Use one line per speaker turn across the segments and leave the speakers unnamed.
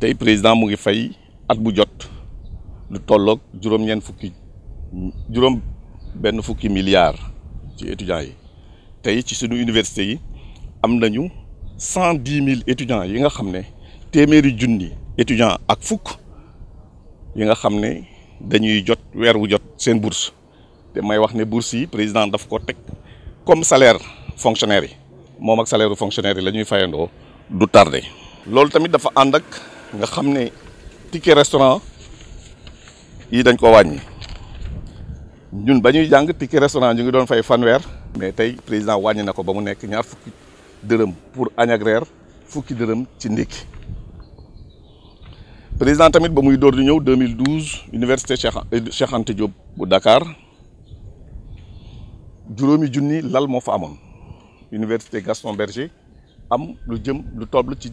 tey président mu ngi fay at bu jot lu tolloog juróom-ñeent fukki juróom benn fukki milliards ci étudiants yi tey ci suñu université yi am nañu cent dix mille étudiants yi nga xam ne téeméeri junni étudiants ak fukk yi nga xam ne dañuy jot weer wu jot seen bourse te may wax ne bourse yi président daf ko teg comme salaire fonctionnaire yi moom ak salaire fonctionnaire yi la ñuy fayandoo du tardé loolu tamit dafa ànd ak nga xam ne ticket restaurant yi dañ ko wàññi ñun ba ñuy jàng ticket restaurant ñu ngi doon fay fanweer. mais tey président wàññi na ko ba mu nekk ñaar fukki dërëm pour añ ak fukki dërëm ci ndékki président tamit ba muy door di ñëw 2012 université Cheikh euh, Cheikh Anta Diop bu Dakar juróomi junni lal moo fa amoon université Gaston Berger am lu jëm lu toll ci.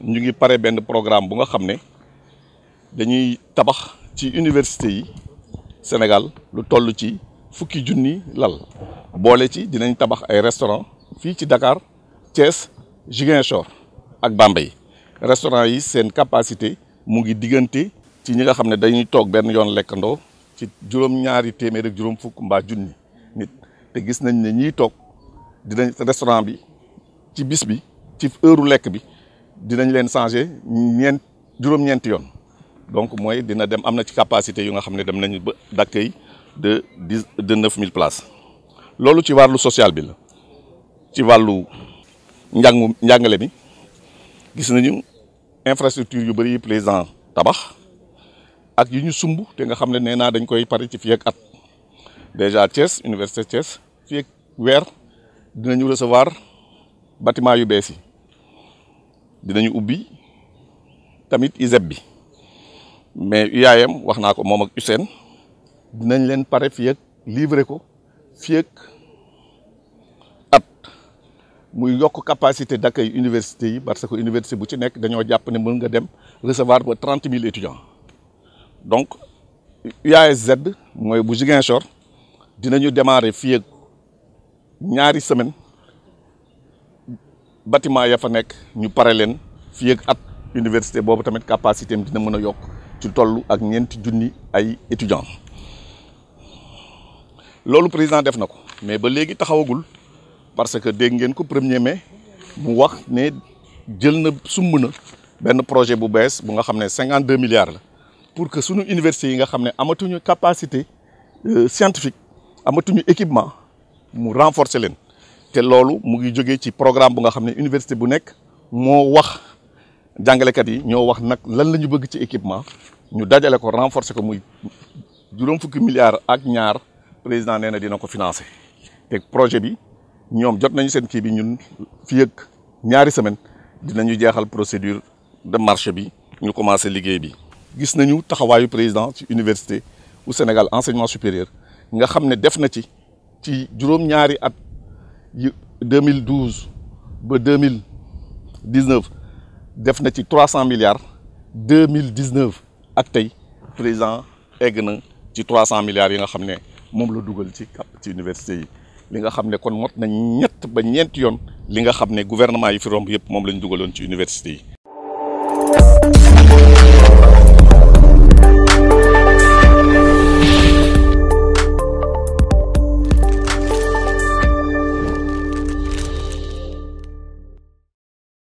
ñu ngi pare benn programme bu nga xam ne dañuy tabax ci université yi Sénégal lu toll ci fukki junni lal boole ci dinañ tabax ay restaurant fii ci Dakar Thiès Ziguinchor ak Bambey restaurant yi seen capacité mu ngi diggante ci ñi nga xam ne dañuy toog benn yoon lekkandoo ci juróom-ñaari téeméer ak juróom fukk mbaa junni nit te gis nañ ne ñiy toog dina restaurant bi ci bis bi ci heure lekk bi dinañ leen changer ñeen juróom-ñeenti yoon donc mooy dina dem am na ci capacité yu nga xam ne dem nañu ba d'accueil de dix de neuf mille places loolu ci wàllu social bi la ci wàllu njangu njàngale mi gis nañu infrastructure yu bëri yi président tabax ak yu ñu sumb te nga xam ne nee naa dañ koy pare ci fii at déjà Thiès université Thiès fii weer dina dinañu recevoir bâtiment yu bees yi. dinañu ubbi tamit ISEP bi mais UAM wax naa ko moom ak USEN dinañ leen pare fii ak ko fii ak at muy yokk capacité d'accueil université yi parce que université bu ci nekk dañoo jàpp ne mën nga dem recevoir ba trente mille étudiants donc UASZ mooy bu Ziguinchor dinañu démarrer fii ak ñaari semaine bâtiment ya fa nekk ñu pare leen fii ak at université bobu tamit capacité am dina mëna yok ci tollu ak ñent jooni ay étudiants lolu président def nako mais ba légui taxawagul parce que dégg ngeen ko 1er mai mu wax ne jël na ben na projet bu bees bu nga xamné 52 deux milliards la pour que suñu université yi nga xamné ne amatuñu capacité euh, scientifique amatuñu équipement mu renforcer leen te loolu mu ngi jógee ci programme bu nga xamné université bu nek mo wax kat yi ñoo wax nak lan lañu bëgg ci équipement ñu dajalé ko renforcer ko muy juróom fukki milliards ak ñaar président néna dina ko financer té projet bi ñom jot nañu seen kii bi ñun fii ak ñaari semaine dinañu jéxal procédure de marché bi ñu commencer liggéey bi. gis nañu taxawayu président ci université bu Sénégal enseignement supérieur nga xamné def na ci ci juróom-ñaari at. 2012 2019 def na ci 300 milliards 2019 ak tay président egg 300 milliards yi nga xam mom la dugal ci ci université yi li nga kon gouvernement yi université